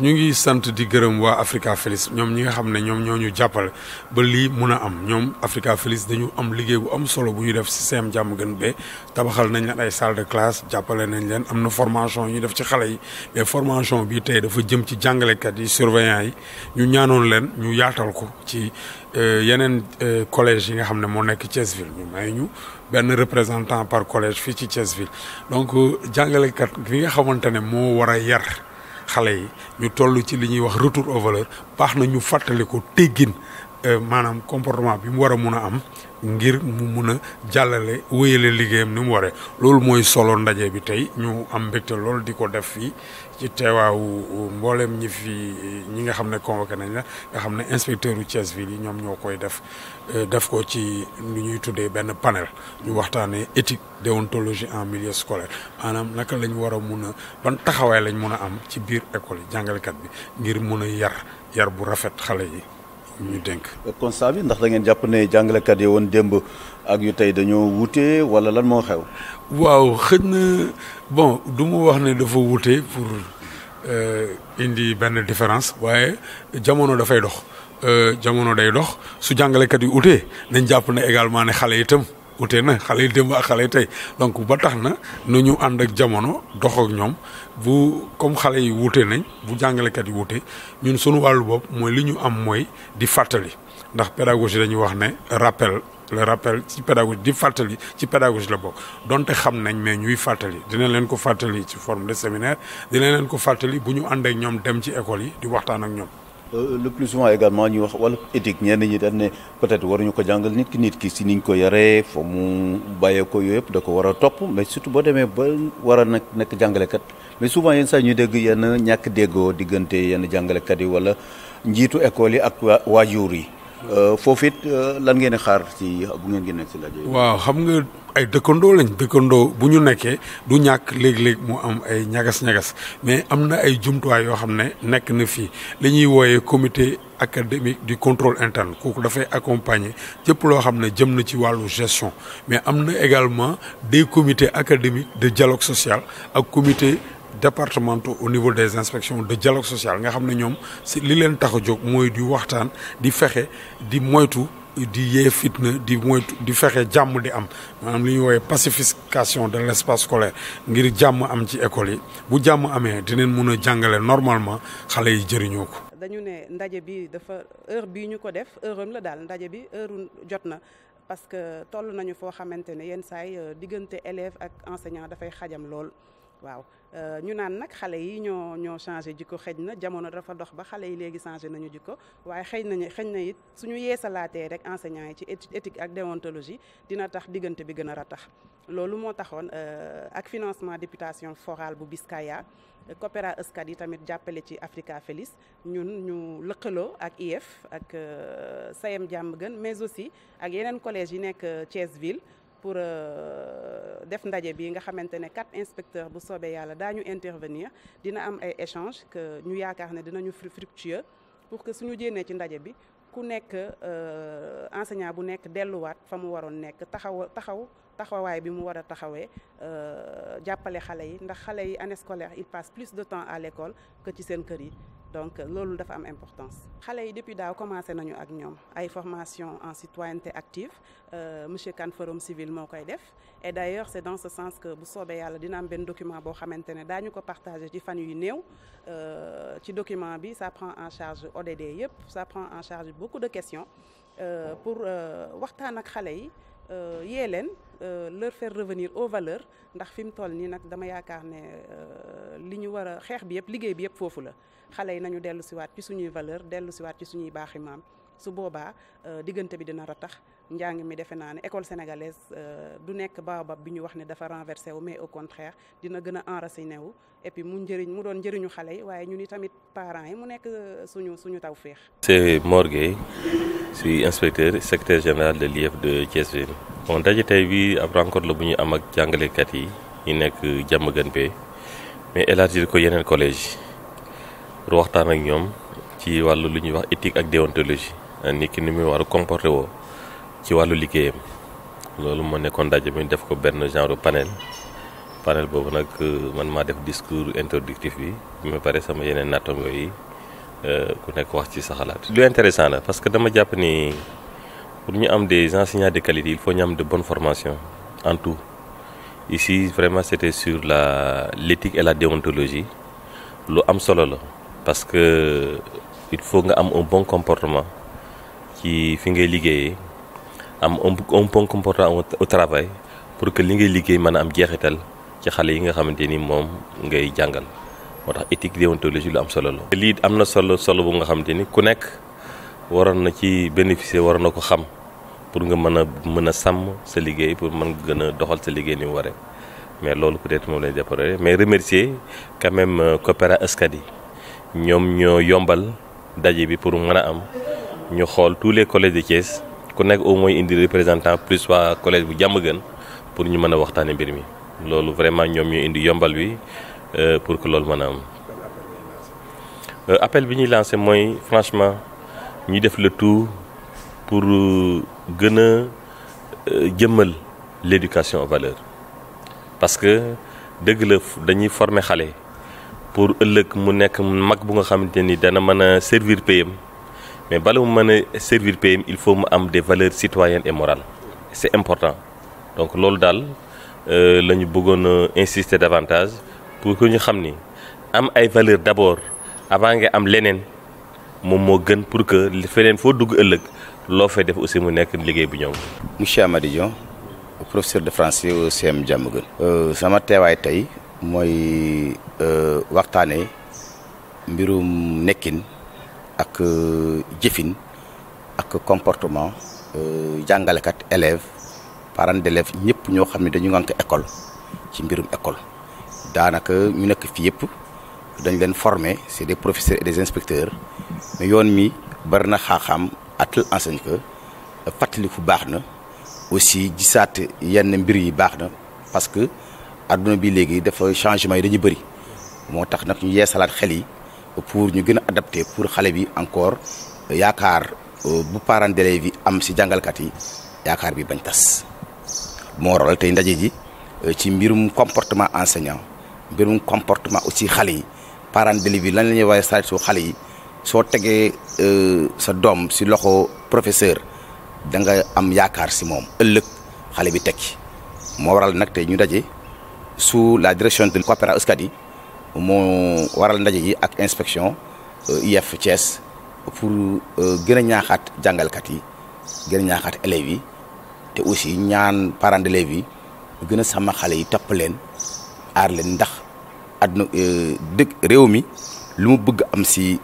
ñu ngi sant di gërëm waa Africa Feliz ñoom ñi nga xam ne ñoom ñoo ñu jàppale ba lii mun a am ñoom Africa Feliz dañu am liggéey bu am solo bu ñu def si seem jàmm gën be tabaxal nañ leen ay salle de classe jàppale nañ leen am na formation ñu def ci xale yi mais formation bi tey dafa jëm ci jàngalekat yi surveillant yi ñu ñaanoon leen ñu yaatal ko ci euh, yeneen euh, collège yi nga xam ne moo nekk Thièsville ñu may ñu benn représentant par collège fii ci Thièsville donc euh, jàngalekat bi nga xamante ne moo war a yar xale yi ñu toll ci li ñuy wax retour aux valeurs baax na ñu fàttali ko teggin Euh, maanaam comportement bi mu war a mun a am ngir mu mun a jàllale wéyale liggéeyam ni mu waree loolu mooy solo ndaje bi tey ñu am mbégte loolu di ko def fii ci teewaawu mbooleem ñi fi ñi nga xam ne convoqué nañ la nga xam ne inspecteur u Thiès ville yi ñoom ñoo koy def euh, def ko ci lu ñuy tuddee benn panel ñu waxtaanee éthique déontologie en milieu scolaire maanaam naka lañ war a mun a ban taxawaay lañ mun a am ci biir école yi jàngalekat bi ngir mun a yar yar bu rafet xale yi ñu dénk. constat bi ndax da ngeen jàpp ne jàngalekat yi woon démb ak yu tey dañoo wute wala lan moo xew. waaw xëj na bon du wax ne dafa wute pour euh, indi benn différence waaye jamono dafay dox euh, jamono day dox su jàngalekat yi wute nañ jàpp ne également ne xale itam. wute na xale yi démb ak xale yi tey donc ba tax na nu ñu ànd ak jamono dox ak ñoom bu comme xale yi wuute nañ bu jàngalekat yi wuute ñun sunu wàllu bopp mooy li ñu am mooy di fàttali ndax pédagogie dañuy wax ne rappel le rappel ci pédagogie di fàttali ci pédagogie la bokk donte xam nañ mais ñuy fàttali dina leen ko fàttali ci forme de séminaire dina leen ko fàttali bu ñu ànd ñoom dem ci école yi di waxtaan ak ñoom. Euh, le plus souvent également ñu wax wala éthique ñenn ñi dañ ne peut-être waruñu ko jàngal nit ki nit ki si niñ ko yaree foo mu bàyyee ko yooyu yëpp da ko war a topp mais surtout boo demee ba war a nag nekk jàngalekat mais souvent yenn saa ñu dégg yenn ñàkk déggoo diggante yenn jàngalekat yi wala njiitu école yi ak waajur yi. Euh, foofu it euh, lan ngeen di xaar ci bu ngeen nekk ci rajo waaw xam nga ay dëkkandoo lañ dëkkandoo bu ñu nekkee du ñàkk léeg-léeg mu am ay ñagas-ñagas mais am na ay jumtuwaay yoo xam ne nekk na fii li ñuy wooyee comité académique du contrôle interne kooku dafay accompagner jëpp loo xam ne jëm na ci wàllu gestion mais am na également des comités académiques de dialogue social ak comité départementaux au niveau des inspections de dialogue social nga xam ne ñoom si li leen tax a jóg mooy di waxtaan di fexe di moytu di yee fitna di moytu di fexe jàmm di am maanaam li ñuy woowee pacification de l' espace scolaire ngir jàmm am ci école yi bu jàmm amee di dinañ mun a jàngale normalement xale yi jëriñoo ko. dañu ne ndaje bi dafa heure bii ñu ko def heure la daal ndaje bi heure jot na. parce que toll nañu foo xamante ne yenn saay euh, diggante élève ak enseignant dafay xajam lool waaw euh, ñu naan nag xale yi ñoo ñoo changé jikko xëj na jamono dafa dox ba xale yi léegi changé nañu jikko waaye xëj nañu xëj na it suñu yeesalaatee rek enseignants yi ci éthique ak déontologie dina tax diggante bi gën a ratax loolu moo taxoon euh, ak financement députation forale bu Biscaya coopéra Euskadi yi tamit jàppale ci Africa Feliz ñun ñu lëkkaloo ak IEF ak euh, sayem jàmb gën mais aussi ak yeneen collège yi nekk Thiès ville pour euh, def ndaje bi nga xamante ne quatre inspecteurs bu soobee yàlla daañu intervenir dina am ay échanges que ñu yaakaar ne dinañu fructueux pour que suñu jénnee ci ndaje bi ku nekk euh, enseignant bu nekk delluwaat fa mu waroon nekk taxaw taxaw taxawaay bi mu war a taxawee euh, jàppale xale yi ndax xale yi année scolaire il passe plus de temps à l'école que ci seen kër yi donc loolu dafa am importance. xale yi depuis daaw commencé nañu ak ñoom ay formation en citoyenneté active euh, monsieur kan forum civil moo koy def et d' ailleurs dans ce sens que bu soobee yàlla dina am benn document boo xamante ne daañu ko partagé ci fan yu néew euh, ci document bi ça prend en charge ODD yëpp ça prend en charge beaucoup de questions euh, pour waxtaan ak xale yi. Euh, yee leen euh, leur faire revenir aux valeurs ndax fi mu toll nii nag dama yaakaar ne euh, li ñu war a xeex bi yëpp liggéey bi yëpp foofu la xale yi nañu dellu siwaat ci suñuy valeur dellu siwaat ci suñuy baax maam su boobaa diggante bi dina ratax njàng mi defe naa ne école sénégalaise euh, du nekk ba bi ñu wax ne dafa renversé wu mais au contraire dina gën a enraciné wu et puis mu njëriñ mu doon njëriñu xale yi waaye ñu ni tamit parents yi mu nekk euh, suñu suñu taw feex c'est Mor su suis inspecteur secrétaire général de l'IEF de Thiès Ville. bon tey bi ab rencontre la bu ñu am ak jàngalekat yi ñu nekk jàmm gën bee mais élargir ko yeneen collège pour waxtaan ak ñoom ci wàllu lu ñuy wax éthique ak déontologie nit ki nu muy war a comporté woo. ci wàllu liggéeyam loolu moo nekkoon ndaje mi def ko benn genre panel panel boobu nag euh, man maa def discours introductif bi bi ma pare sama yeneen nattango yi euh, ku nekk wax ci sa xalaat. lu intéressant la parce que dama jàpp ni pour ñu am des enseignants de qualité il faut ñu am de bonnes formation en tout ici vraiment c'était sur la l'éthique et la déontologie lu am solo la parce que il faut nga am un bon comportement ci fi ngay liggéeyee. am un bon comportement au travail pour que li ngay liggéey mën a am jeexital ci xale yi nga xamante ni moom ngay jàngal moo tax éthique déontologie lu am solo la. lii am na solo solo bu nga xamante ni ku nekk waroon na ci bénéficier waroon na ko xam pour nga mën a mën a sàmm sa liggéey pour mën nga gën a doxal sa liggéey ni mu waree mais loolu peut-être moom lañ déploré mais remercier quand même euh, coopéra Euskadi ñoom ñoo yombal daje bi pour mën a am ñu xool tous les collèges de Thiès. ku nekk au moins indi représentant plus waa collège bu jàmm gën pour ñu mën a waxtaane mbir mi loolu vraiment ñoom ñu indi yombal wi euh, pour que loolu mën a am euh, appel bi ñuy lancé mooy franchement ñu def le tout pour euh, gën a jëmmal l'éducation aux valeurs parce que dëgg la dañuy former xale pour ëllëg mu nekk mag bu nga xamante ni dana mën a servir payam mais bala mu mën a servir PM il faut mu am des valeurs citoyennes et morales c'est important donc loolu daal euh, la ñu bëggoon a insister davantage pour que ñu xam ni am ay valeurs d'abord avant nga am leneen moom moo gën pour que feneen foo dugg ëllëg loo fay def aussi mu nekk liggéey bu ñoom monsieur Amady Dion professeur de français au CM Diamaguène euh, sama teewaay tey mooy euh, waxtaanee mbirum nekkin ak euh, jëfin ak comportement euh, jàngalekat élèves parents d'élèves ñëpp ñoo xam ne dañu ngànk école ci mbirum école daanaka ñu nekk fii yëpp dañ leen former c'est des professeurs et des inspecteurs mais yoon mi bari na xaaxaam atel enseigne que euh, fàttaliku baax na aussi gisaat yenn mbir yi baax na parce que adduna bi léegi dafa changement yi dañu bëri moo tax nag ñu yeesalaat xel yi pour ñu gën a adapté pour xale bi encore yaakaar euh, bu parents d'élèves am si jàngalkat yi yaakaar bi bañ tas moo waral tey ji euh, ci mbirum comportement enseignant mbirum comportement aussi xale yi parents d'élèves yi lan la ñuy waaye soo xale yi soo tegee euh, sa doom si loxo professeur da nga am yaakaar si moom ëllëg xale bi tekki moo waral nag tey ñu daje su la direction de coopéra Euskadi moo waral ndaje yi ak inspection euh, IEF Thiès pour euh, gën a ñaaxaat jàngalkat yi gën a ñaaxaat élèves yi te aussi ñaan parents d'élèves yi gën a sàmm xale yi topp leen aar leen ndax àdduna euh, dëkk réew mi lu mu bëgg am si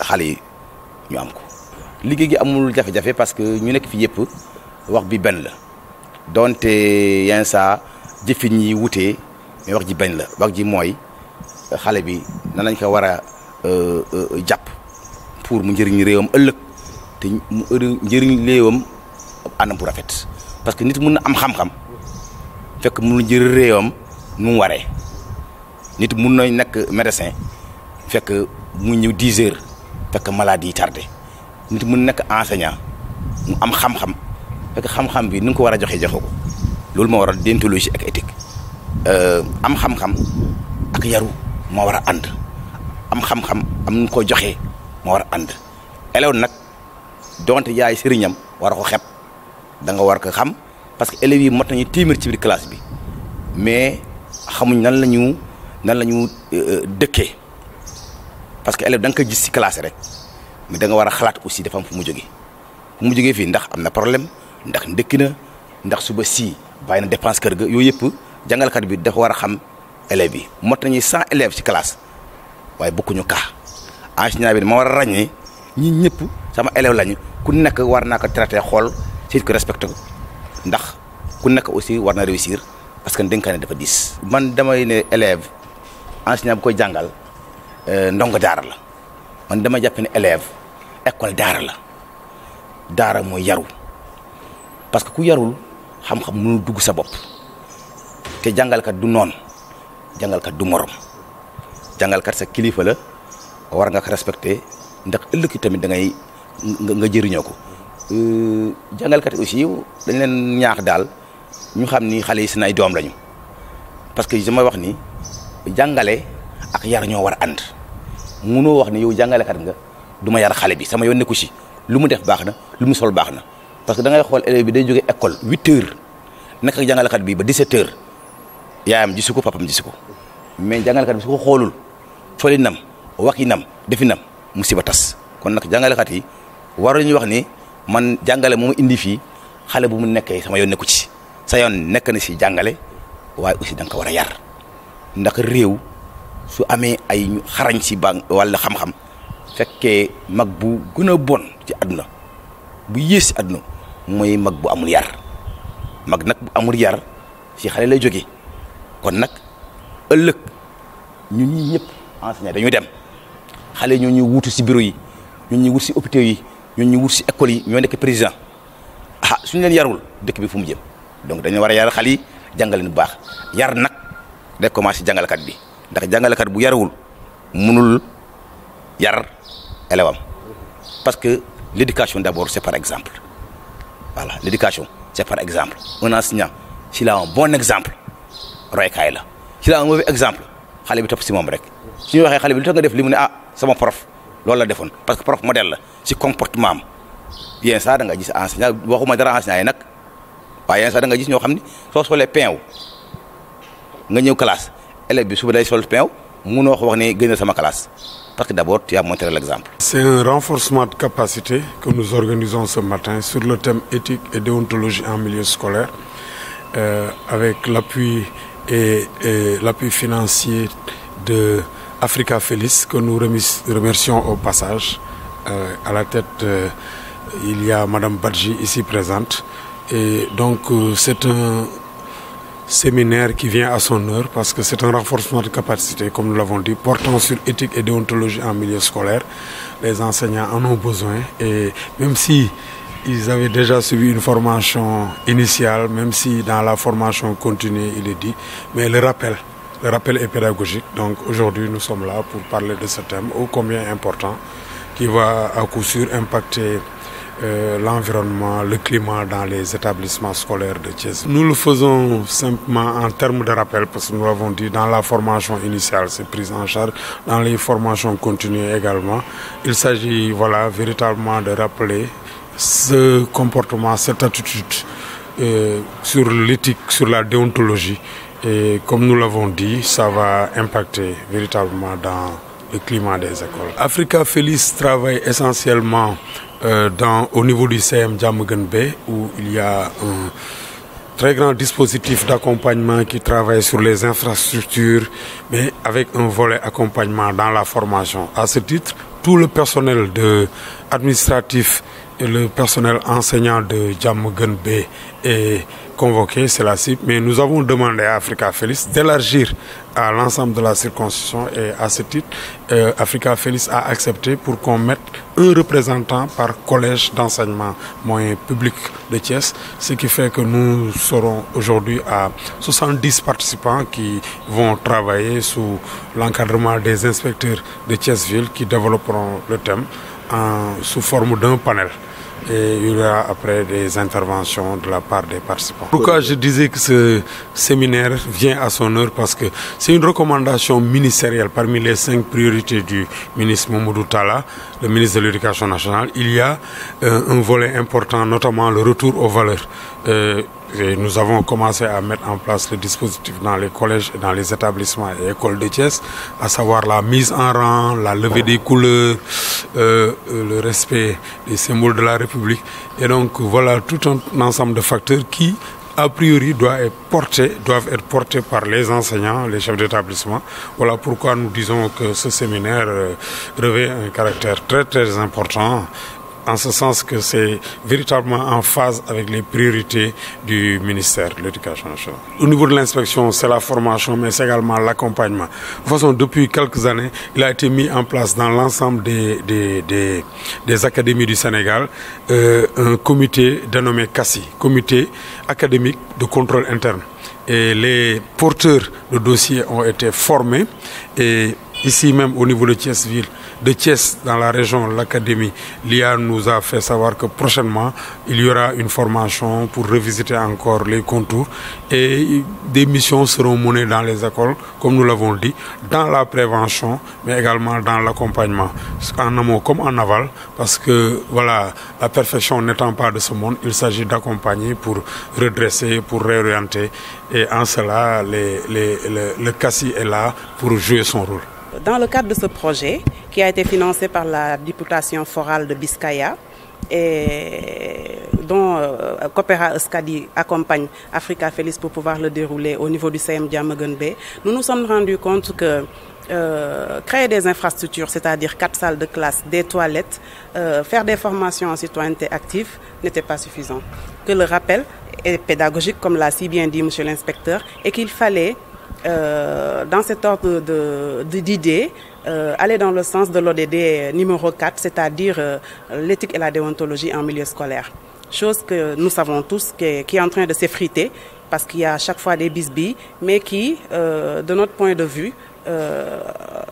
xale yi ñu am ko. liggéey gi amul jafe-jafe parce que ñu nekk fi yëpp wax bi benn la donte yenn saa jëfin yi wutee mais wax ji benn la wax ji mooy. xale bi danañ ko war a euh, euh, jàpp pour mu njëriñ réewam ëllëg te njëriñ réewam anam bu rafet parce que nit mun na am xam-xam fekk mu njëriñ réewam nu mu waree nit mun na nekk médecin fekk mu ñëw dix heures fekk maladie yi tardé nit mun nekk enseignant mu am xam-xam fekk xam-xam bi ni nga ko war a joxe joxe ko loolu moo waral déontologie ak éthique euh, am xam-xam ak yaru moo war a ànd am xam-xam am nu ko joxee moo war a ànd élève nag donte yaay sëriñam war a ko xeeb da nga war ko xam parce que élèves yi mot nañu téeméer ci biir classe bi mais xamuñ nan la ñu nan la ñu euh, euh, dëkkee parce que élève danga nga koy gis ci classe rek mais da nga war a xalaat aussi dafa fu mu jógee fu mu jógee fii ndax am na problème ndax ndëkki na ndax suba sii bàyyi na dépense kër ga yooyu yëpp jàngalkat bi dafa war a xam élèves yi mot nañu cent élèves ci classe waaye bokkuñu kaa enseignant bi ma war a ràññee ñi ñëpp sama élève lañu ku nekk war na ko traité xool si ko respecté ko ndax ku nekk aussi war na réussir parce que dénkaane dafa diis. man damay ne élève enseignant bu koy jàngal euh, ndongo daara la man dama jàppe ne élève école daara la daara mooy yaru parce que ku yarul xam-xam mënu dugg sa bopp te jàngalkat du noonu. jàngalkat du morom jàngalkat sa kilifa la war nga ko respecté ndax ëllëg tamit da ngay nga jëriñoo ko euh, jàngalkat aussi dañ leen ñaax daal ñu xam ni xale yi seen ay doom lañu parce que dama wax ni jàngale ak yar ñoo war a ànd munoo wax ni yow jàngalekat nga du ma yar xale bi sama yoon nekku si lu mu def baax na lu mu sol baax na parce que da ngay xool élève bi day jógee école huit heures naka jàngalekat bi ba dix yaayam gisu ko papam gisu ko mais jàngalekat bi su ko xoolul colinam waxinam definam musiba tas kon nag jàngalekat yi waruñu wax ni man jàngale moomu indi fii xale bu mu nekkee sama yoon nekku ci sa yoon nekk na si jàngale waaye aussi da nga ko war a yar ndax réew su amee ay xarañ si ba walla xam-xam fekkee mag bu gën a bon ci àdduna bu yées si àdduna mooy mag bu amul yar mag nag bu amul yar si xale lay jóge kon nag ëllëg ñu ñii ñëpp enseignant dañuy dem xale ñoo ñu wuutu si bureau yi ñu ñu wut si hôpitaux yi ñu ñuy wut si école yi ñoo nekk président ah suñu leen yarul dëkk bi fu mu jëm donc dañu war a yar xale yi jàngale bu baax yar nag day commencé jàngalekat bi ndax jàngalekat bu yarawul mënul yar élève am parce que l' éducation d' abord c' par exemple voilà l' éducation par exemple un enseignant si a un bon exemple roykaay la ci la un mauvais exemple xale bi topp si moom rek su ñu waxee xale bi lu tax nga def li mu ne ah sama prof loolu la defoon parce que prof modèle la si comportement am yenn saa da nga gis enseignant waxuma dara enseignant yi nag waaye yenn saa da nga gis ñoo xam ne soo solee pein nga ñëw classe élève bi suba day sol pein wu munoo wax ne gën a sama classe parce que d'abord tu as montré l'exemple. C'est un renforcement de capacité que nous organisons ce matin sur le thème éthique et en milieu scolaire euh, avec et, et l'appui financier de Africa Félix, que nous remis, remercions au passage. Euh, à la tête, euh, il y a Madame Badji ici présente. Et donc, euh, c'est un séminaire qui vient à son heure parce que c'est un renforcement de capacité, comme nous l'avons dit, portant sur éthique et déontologie en milieu scolaire. Les enseignants en ont besoin et même si ils avaient déjà suivi une formation initiale, même si dans la formation continue, il est dit. Mais le rappel, le rappel est pédagogique. Donc aujourd'hui, nous sommes là pour parler de ce thème ô combien important qui va à coup sûr impacter euh, l'environnement, le climat dans les établissements scolaires de Thiès. Nous le faisons simplement en termes de rappel parce que nous l'avons dit dans la formation initiale, c'est prise en charge, dans les formations continues également. Il s'agit voilà, véritablement de rappeler ce comportement, cette attitude euh, sur l'éthique, sur la déontologie, et comme nous l'avons dit, ça va impacter véritablement dans le climat des écoles. Africa Félix travaille essentiellement euh, dans, au niveau du CM Djamugenbe où il y a un très grand dispositif d'accompagnement qui travaille sur les infrastructures, mais avec un volet accompagnement dans la formation. À ce titre, tout le personnel de administratif le personnel enseignant de Djamgun B la CIP, mais nous avons demandé à Africa Félix d'élargir à l'ensemble de la circonscription et à ce euh, Africa Félix a accepté pour qu'on représentant par collège d'enseignement moyen public de Thiès, ce qui fait que nous serons aujourd'hui à 70 participants qui des inspecteurs de Thiès-Ville qui le thème en, forme d'un panel. et il y aura après des interventions de la part des participants. Pourquoi je disais que ce séminaire vient à son heure parce que c'est une recommandation ministérielle parmi les cinq priorités du ministre Mamoudou Tala, le ministre de l'Éducation nationale. Il y a euh, un volet important, notamment le retour aux valeurs. Euh, Et nous avons commencé à mettre en place le dispositif dans les collèges et dans les établissements et écoles de Thiès, à savoir la mise en rang, la levée des couleurs, euh, le respect des symboles de la République. Et donc voilà tout un ensemble de facteurs qui, a priori, doivent être portés, doivent être portés par les enseignants, les chefs d'établissement. Voilà pourquoi nous disons que ce séminaire euh, revêt un caractère très très important en ce sens que c'est véritablement en phase avec les priorités du ministère de l'Éducation nationale. Au niveau de l'inspection, c'est la formation, mais c'est également l'accompagnement. De toute façon, depuis quelques années, il a été mis en place dans l'ensemble des, des, des, des, académies du Sénégal euh, un comité dénommé CASI, comité académique de contrôle interne. Et les porteurs de dossiers ont été formés ici même au niveau de Thiès-Ville, de Thiès dans la région, l'académie, l'IA nous a fait savoir que prochainement, il y aura une formation pour revisiter encore les contours et des missions seront menées dans les écoles, comme nous l'avons dit, dans la prévention, mais également dans l'accompagnement, en amont comme en aval, parce que voilà, la perfection n'étant pas de ce monde, il s'agit d'accompagner pour redresser, pour réorienter, et en cela, les, les, les, le CACI est là pour jouer son Dans le cadre de ce projet, qui a été financé par la Députation forale de Biscaya, et dont euh, Coopera Euskadi accompagne Africa Félix pour pouvoir le dérouler au niveau du CM Diamagunbe, nous nous sommes rendus compte que euh, créer des infrastructures, c'est-à-dire quatre salles de classe, des toilettes, euh, faire des formations en citoyenneté active n'était pas suffisant. Que le rappel est pédagogique, comme l'a si bien dit Monsieur l'inspecteur, et qu'il fallait euh, dans cet ordre de d'idées euh, aller dans le sens de l'ODD numéro 4, c'est-à-dire euh, l'éthique et la déontologie en milieu scolaire. Chose que nous savons tous que, qui est en train de s'effriter parce qu'il y a à chaque fois des bisbilles, mais qui, euh, de notre point de vue, euh,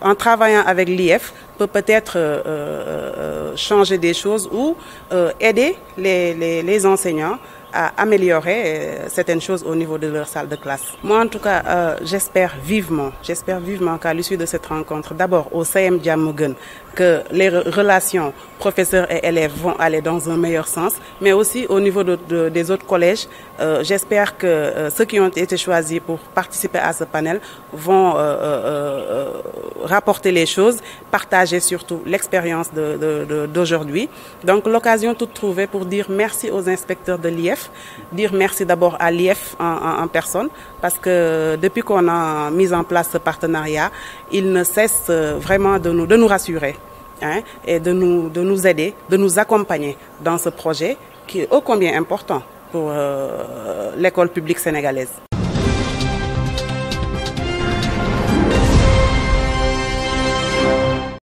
en travaillant avec l'IF, peut peut-être euh, euh, euh, changer des choses ou euh, aider les, les, les enseignants à améliorer euh, certaines choses au niveau de leur salle de classe. Moi, en tout cas, euh, j'espère vivement, j'espère vivement qu'à l'issue de cette rencontre, d'abord au CM Diamogun, que les relations professeurs et élèves vont aller dans un meilleur sens, mais aussi au niveau de, de, des autres collèges. Euh, J'espère que euh, ceux qui ont été choisis pour participer à ce panel vont euh, euh, euh, euh rapporter les choses, partager surtout l'expérience d'aujourd'hui. Donc l'occasion toute trouvée pour dire merci aux inspecteurs de l'IF, dire merci d'abord à l'IF en, en, en, personne, parce que depuis qu'on a mis en place ce partenariat, il ne cesse vraiment de nous, de nous rassurer. hein, et de nous, de nous aider, de nous accompagner dans ce projet qui est ô combien important pour euh, l'école publique sénégalaise.